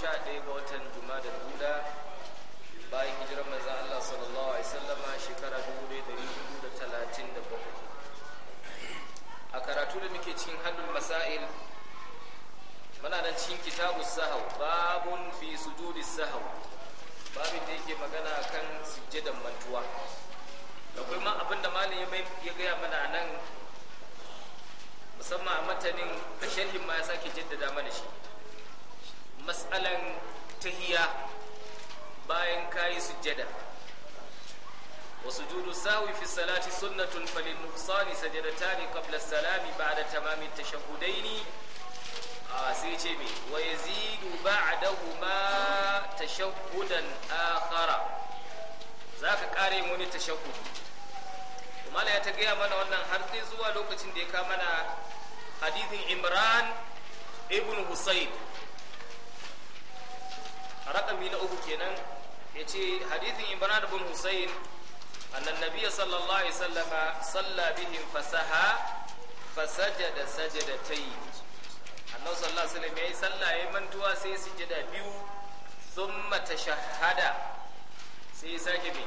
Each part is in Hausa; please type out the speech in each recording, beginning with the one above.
sha ɗaya ga watan juma'a da bayan hijirar manzan Allah sallallahu alaihi wasallama shekara aya ta gaya mana wannan har sai zuwa lokacin da ya kama mana hadithin imran ibn husayn rakami na uku kenan ya ce hadithin imran ibn husayn annan nabiya sallallahu alaihi sallama salla bihim fasaha fasajada sajadatai annan sallallahu alaihi sallam ya yi salla ya mantuwa sai sujada biyu sun mata shahada sai sake mai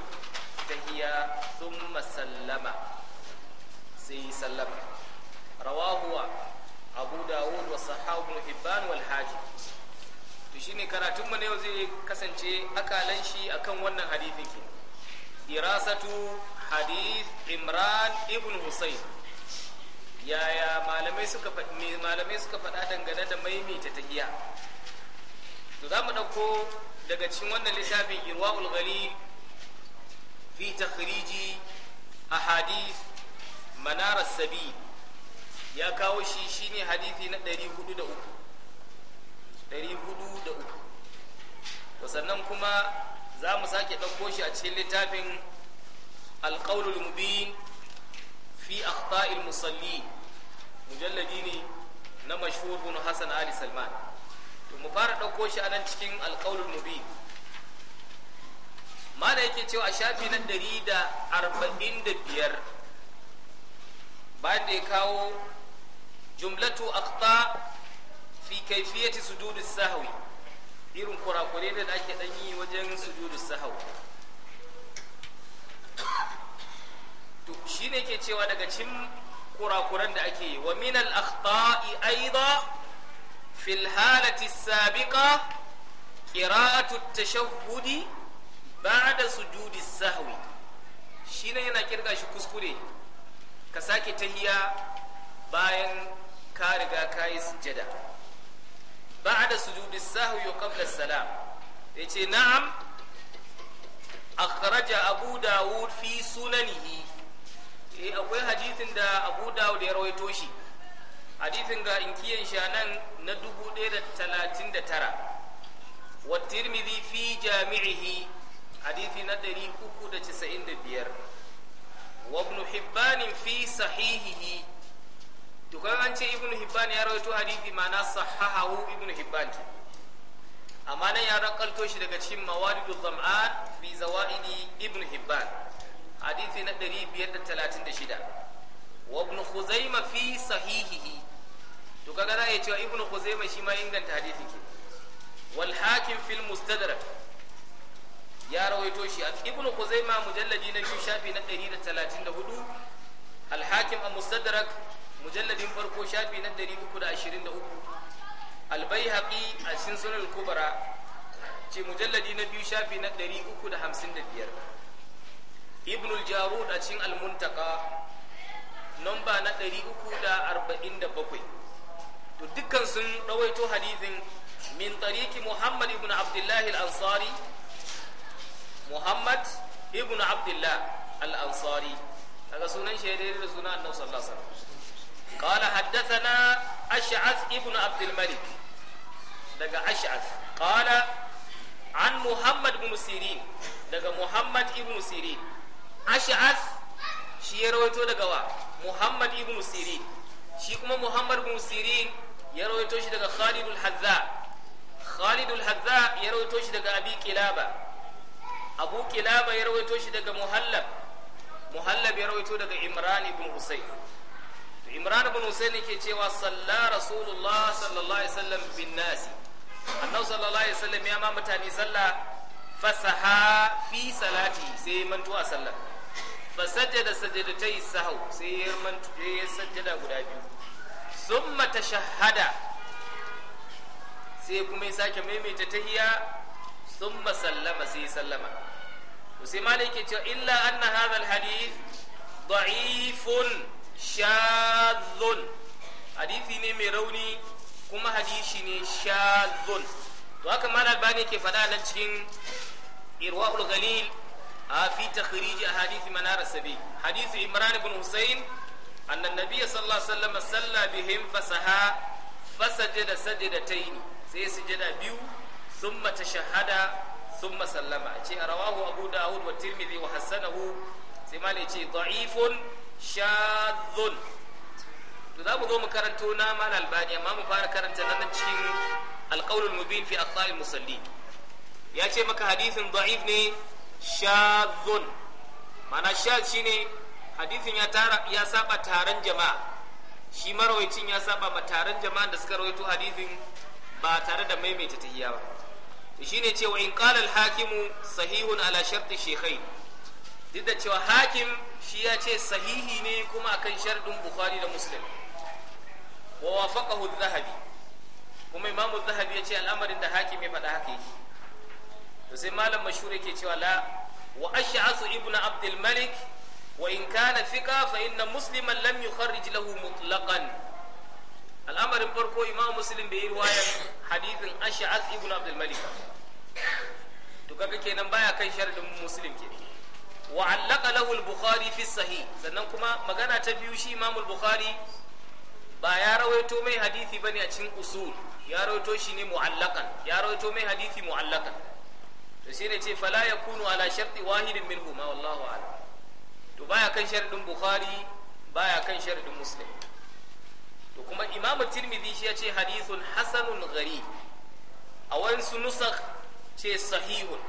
tahiya thumma sallama sai sallama rawahu abu dawud wa sahabu hibban wal to shine karatun ne zai kasance akalan shi akan wannan hadithin ke dirasatu hadith imran ibn husayn yaya malamai suka faɗa dangane da ta tahiya to za mu ɗauko daga cikin wannan littafin irwaul ghalib fi takhriji ahadith manar as-sabil ya kawo shi shine hadisi na 403 403 to sannan kuma za mu sake ɗauko shi a cikin littafin alƙaunul mubin fi akhta'il musalli mujalladi ne na mashhur bin hasan ali salman to mu fara ɗauko shi a nan cikin alƙaunul mubin mala yake cewa shafi na ɗari da arba'in da biyar bayan da ya kawo jumlatu akhta fi kaifiyati sujudu sahwi irin kurakure da ake dan yi wajen sujudu sahwi to shine ke cewa daga cikin kurakuran da ake yi wa min al akhta'i aida fi al halati sabiqa qira'atu at-tashahhudi ba'da sujudi sahwi shi ne yana kirga shi kuskure ka sake tahiya bayan ka riga ka yi ba'da sujudi sahwi wa qabla salam yace na'am akhraja abu dawud fi sunanihi eh akwai hadisin da abu dawud ya rawaito shi hadisin ga inkiyan shanan na 1039 wa tirmidhi fi jami'ihi hadithi na 395 wa ibn hibban fi sahihihi to an ce ibn hibban ya rawaito hadithi ma'ana sahahahu ibn hibban amma ya rakalto shi daga cikin mawalidu zam'an fi zawaidi ibn hibban hadithi na 536 wa ibn khuzaima fi sahihihi to kaga cewa ibn khuzaima shi ma inganta hadithin ke wal fil mustadrak ya rawaito shi a ibn Kuzaima mujalladi na biyu shafi na 134 al-hakim al-mustadrak mujalladin farko shafi na 323 al-baihaqi a cikin sunan kubra ce mujalladi na biyu shafi na 355 ibn al-jarud a cikin al-muntaka namba na 347 to dukkan sun rawaito hadithin min tariki muhammad ibn abdullahi al-ansari muhammad ibn abdullah Al al’ansari daga sunan shaidari da suna annan sallasa ƙala haddata na ash'ath ibn abdulmalik daga ash'ath Qala an muhammad ibn musirin daga muhammad ibn musirin ash'ath shi ya rawaito daga wa muhammad ibn musirin shi kuma muhammad ibn musirin ya rawaito shi daga Khalid khalidul hadza khalidul hadza ya rawaito shi daga abi kilaba abu kilaba ya rawaito shi daga muhallab muhallab ya rawaito daga imran ibn husayn to imran ibn husayn yake cewa salla rasulullah sallallahu alaihi wasallam bin nasi annabi sallallahu alaihi wasallam ya ma mutane sallah fasaha fi salati sai ya mantu a sallah fasajjada sajdatai sahau sai ya mantu ya sajjada guda biyu summa tashahhada sai kuma ya sake maimaita tahiyya summa sallama sai sallama to yake cewa illa anna hadha alhadith da'ifun shadhun hadisi ne mai rauni kuma hadisi ne shadhun to haka malal ake ke faɗa nan cikin irwaul galil a fi takhrij ahadith manar sabi hadith imran ibn husayn anna an-nabiy sallallahu alaihi wasallam salla bihim fasaha fasajada sajadatayn sai sujada biyu thumma shahada. thumma sallama ce rawahu abu dawud wa tirmiti wa hasanahu sai malai ce da'ifun shadhun za mu zo mu karanto na mal albani amma mu fara karanta nan cikin alqaulul mubin fi aqwal musalli ya ce maka hadithin da'if ne shadhun mana shadh shine hadisin ya tara ya saba taron jama'a shi marawacin ya saba ma taron jama'a da suka rawaito hadisin ba tare da maimaita tahiya ba shine wa in qala al-hakimu sahihun ala sharti shaykhain duk da cewa hakim shi ya ce sahihi ne kuma akan sharɗin bukhari da muslim wa wafaqahu zahabi kuma imamu zahabi ya ce al'amarin da hakim ya faɗa haka yake to sai malam mashhur yake cewa la wa ash'asu ibnu abdul malik wa in kana thiqa fa inna musliman lam yukharrij lahu mutlaqan al'amarin farko imam muslim bai yi ruwayan hadithin ash'az ibn abdul malik to kaga kenan baya kan sharadin muslim ke wa allaka lahu al-bukhari fi sahih sannan kuma magana ta biyu shi imam al-bukhari ba ya rawaito mai hadithi bane a cikin usul ya rawaito shi ne mu'allakan ya rawaito mai hadithi mu'allakan to shine ce fala yakunu ala sharti wahidin ma wallahu a'lam to baya kan sharadin bukhari baya kan sharadin muslim to kuma imamu tirmidhi shi ya ce hadithun hasanun gari a wansu nusak ce sahihun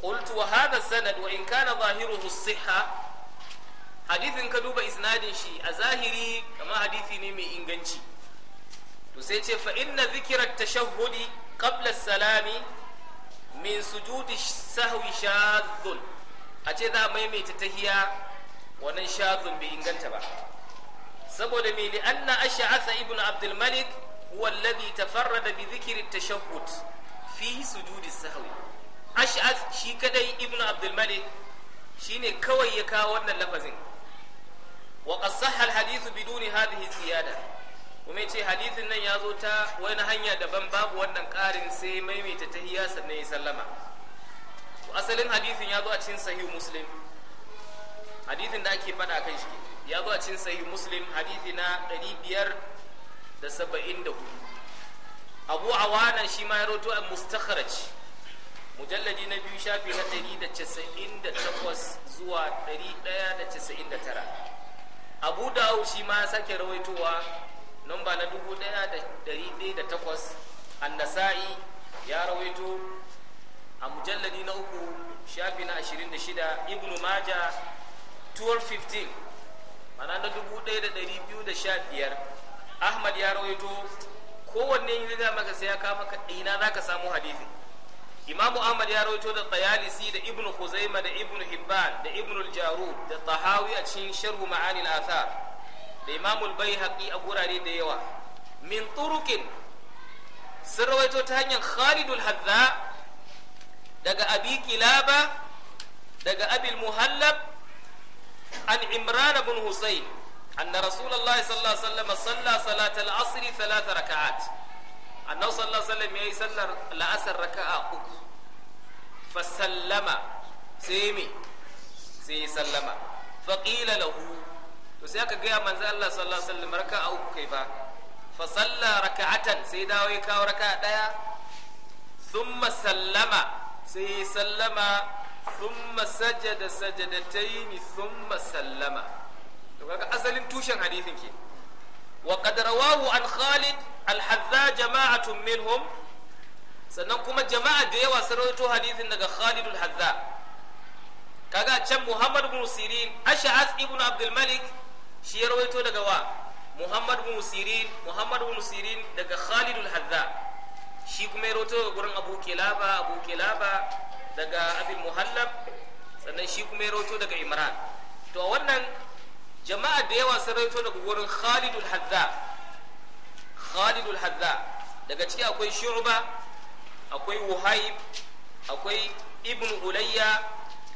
qultu wa hadha sanad wa in kana zahiruhu siha hadithin ka duba isnadin shi a zahiri kama hadithi ne mai inganci to sai ce fa inna dhikra tashahhudi qabla salami min sujudi sahwi shadhun a ce za maimaita tahiya wannan shadhun bai inganta ba saboda mai li anna asa ibn abdul malik huwa alladhi tafarrada bi dhikri at fi sujudi sahwi ash'ath shi kadai ibn abdul malik shine kawai ya kawo wannan lafazin wa qad sahha al-hadith biduni hadhihi ziyada kuma yace hadithin nan ya zo ta wani hanya daban babu wannan karin sai maimaita tahiyya sannan ya sallama asalin hadithin ya zo a cikin sahih muslim hadithin da ake faɗa kan shi ya zo a cin sahih muslim hadithi na 574 abu awana shi ma ya roto a mustakharaj mujalladi na biyu shafi na 198 zuwa 199 abu dawo shi ma sake rawaitowa namba na 1108 annasa'i ya rawaito a mujalladi na uku shafi na 26 ibnu maja 1215 mana na 1215 ahmad ya rawaito kowanne yin zai maka sai ya kama ka ina za ka samu hadisi. imamu ahmad ya rawaito da tayalisi da ibn huzaima da ibn hibban da ibn jaru da tahawi a cikin sharhu ma'anil athar da imamu bai a gurare da yawa min turukin sun rawaito ta hanyar khalidul hadza daga abi kilaba daga abil muhallab عن عمران بن حسين أن رسول الله صلى الله عليه وسلم صلى صلاة العصر ثلاث ركعات أنه صلى الله عليه وسلم يصلى العصر ركعة أخر فسلم سيمي سي سلم فقيل له وسيأك قيا من الله صلى الله عليه وسلم ركعة أخر كيفا فصلى ركعة سيدا ويكا وركعة ديا ثم سلم سي سلم thumma sajada sajadataini thumma sallama to kaga asalin tushen hadisin ke wa qad rawahu an Khalid al-Hadza jama'atun minhum sannan kuma jama'a da yawa sun rawaito hadisin daga Khalid al-Hadza kaga can Muhammad bin Sirin Ash'ath ibn Abdul Malik shi ya rawaito daga wa Muhammad bin Sirin Muhammad bin Sirin daga Khalid al-Hadza shi kuma ya rawaito gurin Abu Kilaba Abu Kilaba daga abin muhallab sannan shi kuma ya rawaito daga imran to wannan jama'a da yawa sun rawaito daga wurin khalidul hadza khalidul hadza daga ciki akwai shu'ba akwai wuhaib akwai ibnu ulayya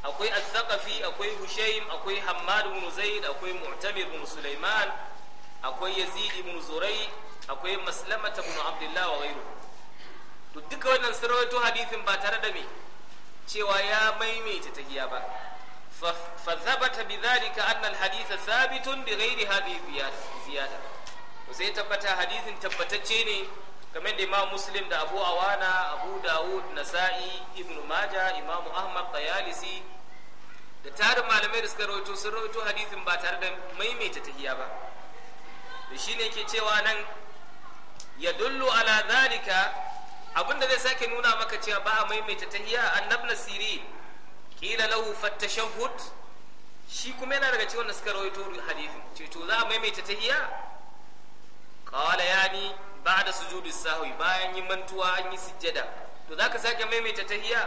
akwai al-thaqafi akwai hushaym akwai hammad ibn zaid akwai mu'tamir ibn sulaiman akwai yazid ibn zurai akwai maslamata ibn abdullah wa ghayruhu to duka wannan sun rawaito hadithin ba tare da me cewa ya maimaita tahiya ba fa bi bidhalika anna hadith thabitun bi ghairi hadhihi ziyada sai tabbata hadisin tabbatacce ne kamar da Imam Muslim da Abu Awana Abu Dawud Nasa'i Ibn Maja Imam Ahmad Tayalisi da tarin malamai da suka rawaito sun rawaito hadisin ba tare da maimaita tahiya ba da shine ke cewa nan yadullu ala dhalika abin da zai sake nuna maka cewa ba a maimaita tahiya annabna siri kila lahu fattashahud shi kuma yana daga cikin da suka rawaito hadithin ce to za a maimaita tahiya qala yani ba'da sujudi sahwi bayan yin mantuwa an yi sujjada to zaka sake maimaita tahiya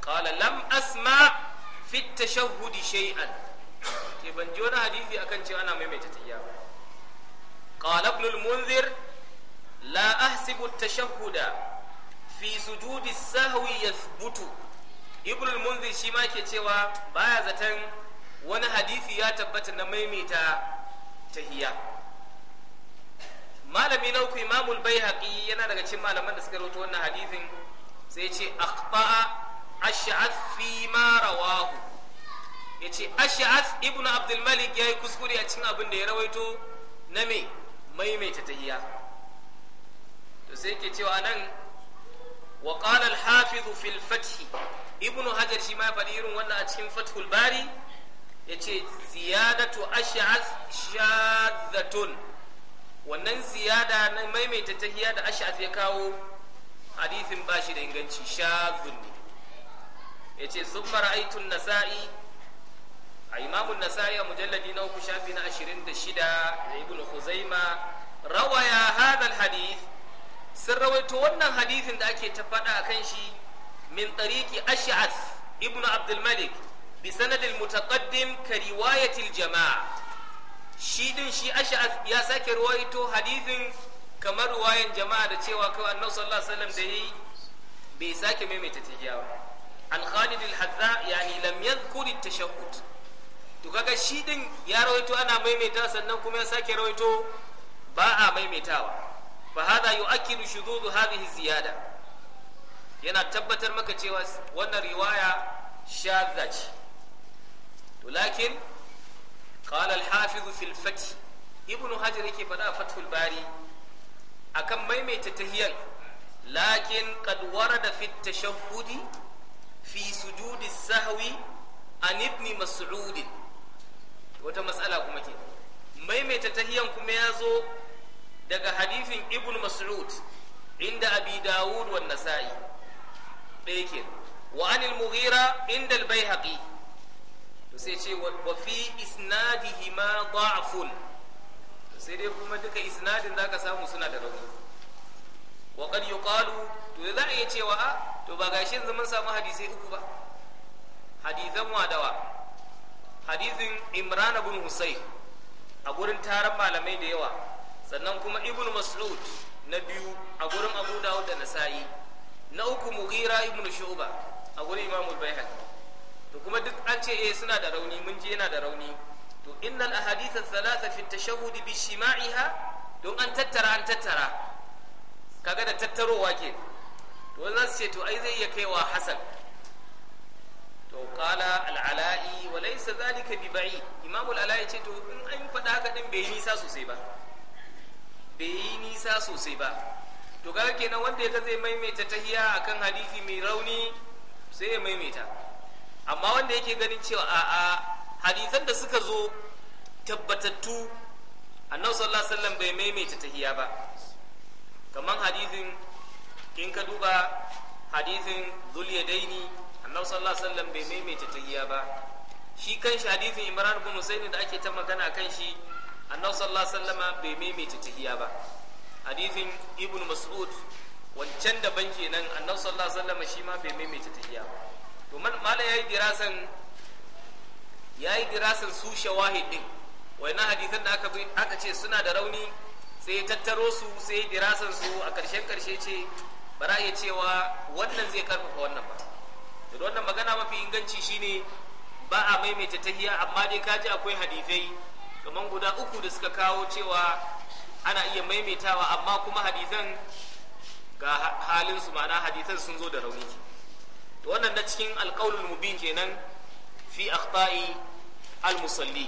qala lam asma fi tashahhudi shay'an ke ban ji wani hadisi akan cewa ana maimaita tahiya ba qala ibn al-munzir la ahsibu at-tashahhuda fi sujudi sahwi yathbutu ibn al-munzir shi ma ke cewa baya zaton wani hadisi ya tabbata na maimaita tahiya malami na uku imamul bayhaqi yana daga cikin malaman da suka rawaito wannan hadisin sai ce akhta'a ash'ath fi ma rawahu yace ash'ath ibnu al malik yayi kuskure a cikin abin da ya rawaito na me maimaita tahiya to sai ke cewa nan wa qala al-hafiz ibnu hajar shima ma faɗi irin wannan a cikin fathul bari yace ziyadatu ash'az shadhatun wannan ziyada na maimaita tahiya da ash'az ya kawo hadisin bashi da inganci shadhun ne yace summa ra'aytu an-nasa'i a imamun nasa'i a mujalladi na uku shafi na 26 da ibnu khuzaima rawaya hadha al sun rawaito wannan hadithin da ake ta faɗa akan shi min tariki ash'ath ibnu abdul malik bi sanadil mutaqaddim ka riwayatil jama'a shi din shi ash'ath ya sake rawaito hadithin kamar ruwayan jama'a da cewa kawai annabi sallallahu alaihi wasallam da yi bai sake maimaita tahiyawa an khalid al-hadza yani lam yadhkur at-tashahhud to kaga shi din ya rawaito ana maimaita sannan kuma ya sake rawaito ba a maimaitawa fa hada yu'akkidu shudud hadhihi yana tabbatar maka cewa wannan riwaya shadda ce to lakin qala al-hafiz fi al-fath ibnu hajar yake faɗa fathul bari akan maimaita tahiyan lakin qad warada fi at-tashahhudi fi sujudi sahwi an ibn mas'ud wata matsala kuma ke maimaita tahiyan kuma ya zo daga hadithin ibn mas'ud inda abi dawud wa nasa'i ɗaya ke wa anil mughira inda al-baihaqi to sai ce wa fi isnadihima da'fun sai dai kuma duka isnadin zaka samu suna da rauni wa qad yuqalu to za a iya cewa a to ba gashi yanzu mun samu hadisi uku ba hadisan wadawa hadisin imran ibn husayn a gurin taron malamai da yawa sannan kuma ibn mas'ud na biyu a gurin abu dawud da nasa'i na uku mughira ibn shu'ba a gurin imam al to kuma duk an ce eh suna da rauni mun je yana da rauni to innal ahadith ath-thalatha fi tashahhud bi shima'iha don an tattara an tattara kaga da tattarowa ke to wannan ce to ai zai iya kaiwa hasan to qala al-ala'i wa laysa dhalika bi ba'id imam al-ala'i ce to in an faɗa haka din bai nisa sosai ba bai yi nisa sosai ba to kaga kenan wanda ya zai maimaita tahiya akan hadisi mai rauni sai ya maimaita amma wanda yake ganin cewa a a hadisan da suka zo tabbatattu annabi sallallahu alaihi wasallam bai maimaita tahiya ba kamar hadisin in ka duba hadisin zuliyadaini annabi sallallahu alaihi wasallam bai maimaita tahiya ba shi kan shi hadisin imran bin husaini da ake ta magana kan shi annabi sallallahu alaihi wasallama bai maimaita tahiya ba hadithin ibnu mas'ud wancan da banke nan annabi sallallahu alaihi wasallama shi ma bai maimaita tahiya ba to malai yayi dirasan yayi dirasan su shawahid din wayannan hadithan da aka bi aka ce suna da rauni sai ya tattaro su sai ya dirasan su a karshen karshe ce bara ya cewa wannan zai karfafa wannan ba to wannan magana mafi inganci shine ba a maimaita tahiya amma dai kaji akwai hadithai kamar guda uku da suka kawo cewa ana iya maimaitawa amma kuma hadisan ga halin su ma'ana hadisan sun zo da rauni to wannan na cikin alqaulul mubin kenan fi akhta'i al-musalli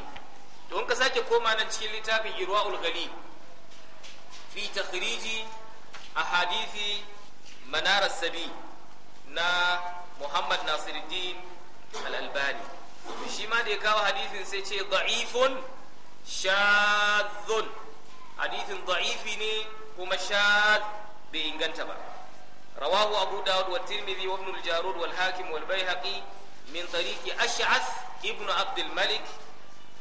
to in ka sake koma nan cikin littafin irwaul ghali fi takhriji ahadithi manar sabi na muhammad nasiruddin al-albani shi ma da ya kawo hadisin sai ce da'ifun shadhun hadithin da'ifi ne kuma shadh bai inganta ba rawahu abu dawud wa tirmidhi wa ibn al-jarud wal hakim wal baihaqi min tariqi ash'ath ibn abd al-malik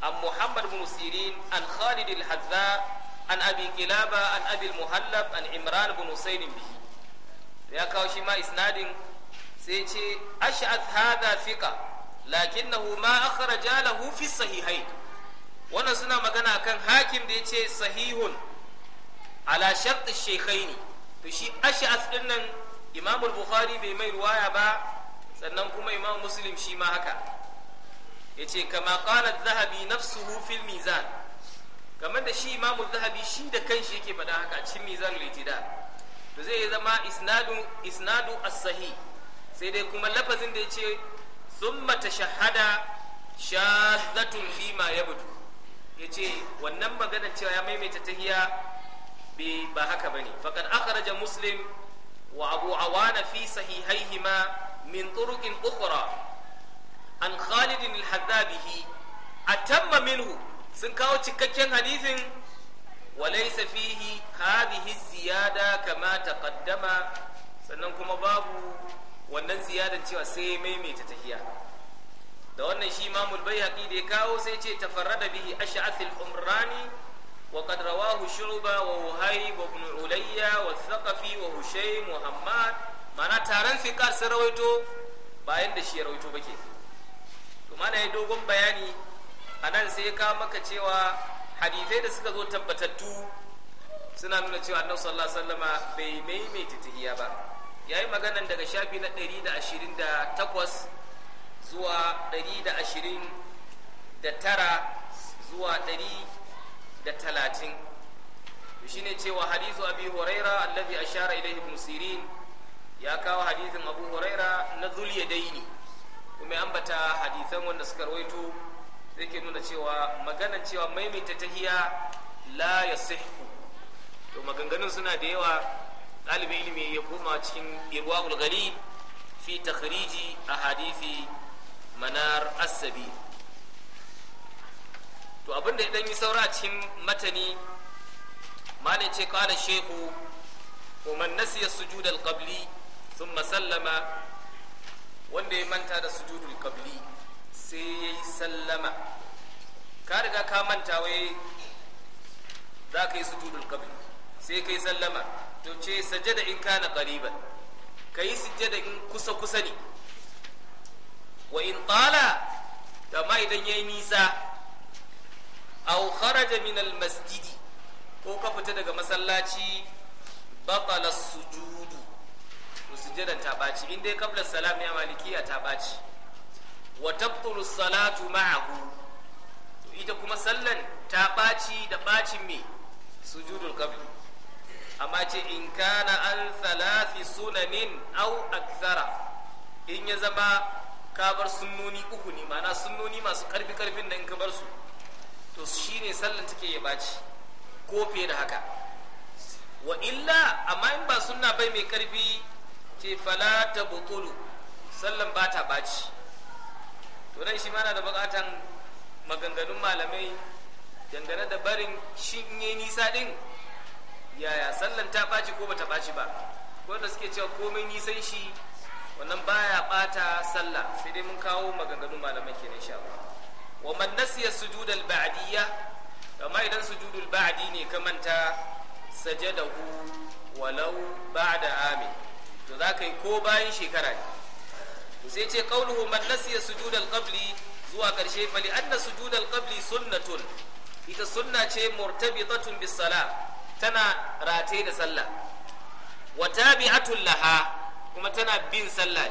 an muhammad ibn sirin an khalid al-hadza an abi kilaba an abi al-muhallab an imran ibn husayn bihi ya kawo shi ma isnadin sai ce ash'ath hadha thiqa lakinnahu ma akhraja lahu fi sahihayn wannan suna magana kan hakim da ya ce sahihun ala shekai ne to shi ash'as din nan imamul bukhari bai mai ruwaya ba sannan kuma imam muslim shi ma haka yace kama qala zahabi nafsuhu fil mizan kamar da shi imamul zahabi shi da kanshi yake faɗa haka cin mizan litida to zai zama isnadu isnadu as sai dai kuma lafazin da yace thumma tashahhada shaddatun ya yabdu ya ce wannan maganar cewa ya maimaita tahiya ba haka ba ne faqad akhraja muslim wa abu awana fi min turuqin ukhra an khalidin al a tamma minhu sun kawo cikakken hadisin وليس فيه هذه الزيادة كما تقدم sannan kuma babu wannan ziyadan cewa sai maimaita tahiya da wannan shi imamul baihaqi da ya kawo sai ce da bihi ash'ath al-umrani wa qad rawahu shu'ba wa wahayb ibn ulayya wa thaqafi wa hushaym muhammad. mana taran fiqar sun rawaito bayan da shi ya rawaito bake to mana ya dogon bayani anan sai ya kawo maka cewa hadisai da suka zo tabbatattu suna nuna cewa annabi sallallahu alaihi wasallama bai maimaita tahiya ba yayi maganan daga shafi na 128 zuwa ɗari da da ashirin tara zuwa 130 shine cewa hadithu abi huraira a ashara ilayhi ibn sirin ya kawo hadithin abu huraira na ne kuma ambata hadisan wanda suka rawaito ke nuna cewa maganan cewa maimaita tahiya la yasihhu to maganganun suna da yawa ɗalibin ilimi ya koma cikin irwa ghalib fi a hadisi. manar asabi to abin da idan yi saura a cikin matani malai ce kala shehu ومن نسي السجود القبلي ثم سلم wanda ya manta da sujudul qabli sai ya yi sallama ka riga ka manta wai za ka yi sujudul qabli sai ka yi sallama to ce sajada in kana qariban kai sujada in kusa kusa ne wa in tala amma idan ya yi nisa aw kharaja min al masjidi ko ka fita daga masallaci batala sujudu to sujudan ta baci in dai kabla salam ya malikiya ta baci wa tabtulu salatu ma'ahu to ita kuma sallan ta baci da bacin me sujudul qabli amma ce in kana an thalathi sunanin au akthara in ya zama ka bar sunnoni uku ne ma'ana sunnoni masu karfi karfin da in ka bar su to ne sallan take ya baci ko fiye da haka wa illa amma in ba sunna bai mai karfi ce fala ta bukulu sallan ba ta baci to nan shi mana da bukatan maganganun malamai dangane da barin shi in yi nisa din yaya sallan ta baci ko ba ta baci ba wanda suke cewa komai nisan shi wannan baya bata sallah sai dai mun kawo maganganun malamai kenan insha Allah wa man nasiya sujudal ba'diyya amma idan sujudul ba'di ne ka manta sajadahu walau ba'da amin to za ka yi ko bayan shekara ne sai ce qauluhu man nasiya sujudal qabli zuwa karshe fali anna sujudal qabli sunnatun ita sunna ce murtabitatun bis sala tana rataye da sallah wa tabi'atun laha kuma tana bin sallah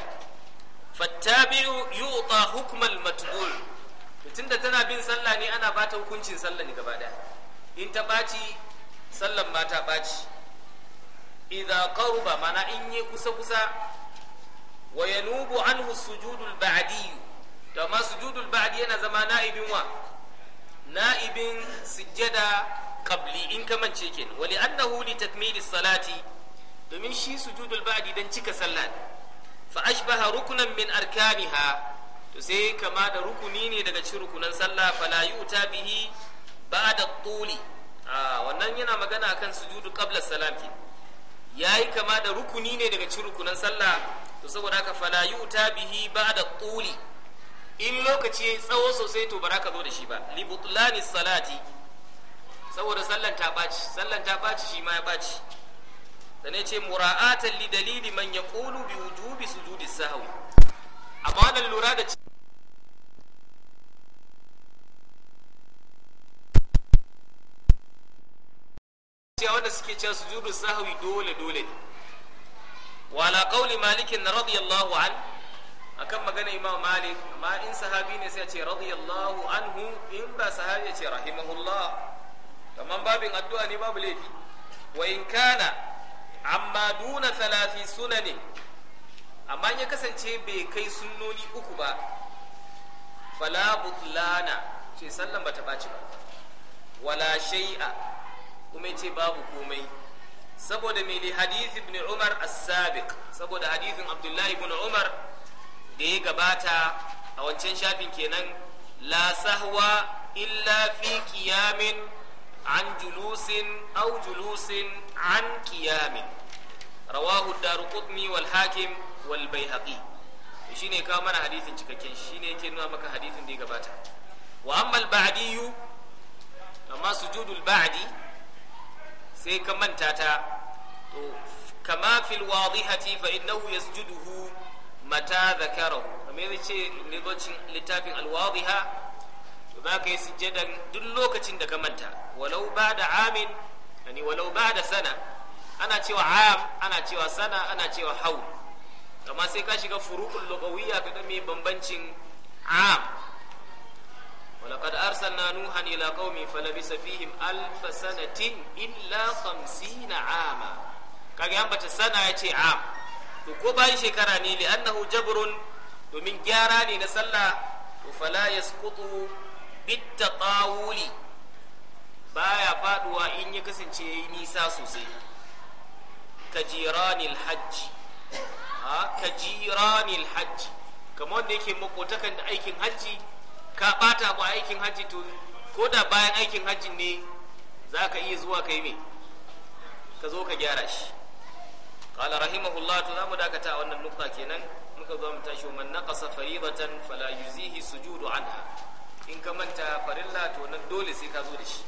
fattabi'u yu'ta hukmal matbul mutum da tana bin sallah ne ana bata hukuncin sallah ne gaba in ta baci sallan ma ta baci idza qaruba mana in yi kusa kusa wa yanubu anhu sujudul ba'di to ma sujudul ba'di yana zama na'ibin wa na'ibin sujjada qabli in kamance kenan wali annahu li takmili salati domin shi sujudul ba'di dan cika sallah fa ashbaha rukunan min arkaniha to sai kama da rukuni ne daga cikin rukunan sallah fala yuta bihi ba'da tuli a wannan yana magana akan sujudu qabla salam ke yayi kama da rukuni ne daga cikin rukunan sallah to saboda haka fala yuta bihi ba'da tuli in lokaci tsawo sosai to baraka zo da shi ba li butlani salati saboda sallan ta baci sallan ta baci shi ma ya baci sannan ce mura'atan li dalili man yaqulu bi wujubi sujudi sahwi amma wannan lura da cewa wanda suke cewa sujudu sahwi dole dole ne wa ala qawli malik radiyallahu an akan magana imam malik amma in sahabi ne sai ya ce radiyallahu anhu in ba sahabi ya ce rahimahullah kaman babin addu'a ne babu laifi wa in kana amma duna talafi suna ne amma ya kasance bai kai sunnoni uku ba fala ce sallan bata baci ba wala shai'a kuma ce babu komai saboda mai hadith ibn umar as-sabiq saboda hadithin abdullahi ibn umar da ya gabata a wancan shafin kenan la sahwa illa fi kiyamin. عن جلوس أو جلوس عن قيام رواه الدار wal والحاكم والبيهقي shine kawo mana hadisin cikakken shine yake maka hadisin da ya gabata wa amma al-ba'diyu amma sujudul ba'di sai ka manta ta to kama fil wadihati fa innahu hu mata dhakarahu kamar yace ne littafin al-wadiha za ka yi sujjadan duk lokacin da ka manta walau ba da amin yani walau ba da sana ana cewa am ana cewa sana ana cewa hau amma sai ka shiga furu'ul lugawiyya ka ga me bambancin am ولقد أرسلنا نوحا إلى قومه فلبث فيهم ألف سنة إلا خمسين عاما كاجي أم سنة يتي عام تكوبا شكراني لأنه جبر ومن جاراني نسلا فلا يسقط bitta tsawuli baya faduwa in ya kasance ya yi nisa sosai kajiranil hajji ha kajiranil hajji kamar wanda yake makotakan da aikin hajji ka bata ba aikin hajji to ko da bayan aikin hajji ne za ka iya zuwa kai me ka zo ka gyara shi qala rahimahullah to mu dakata a wannan nukta kenan muka zo mu tashi man naqasa faridatan fala yuzihi sujudu anha in ka manta farilla to dole sai ka zo da shi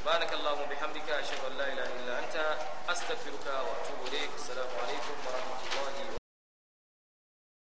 subhanakallahumma bihamdika ashhadu an la ilaha illa anta astaghfiruka wa atubu ilayk assalamu alaikum wa rahmatullahi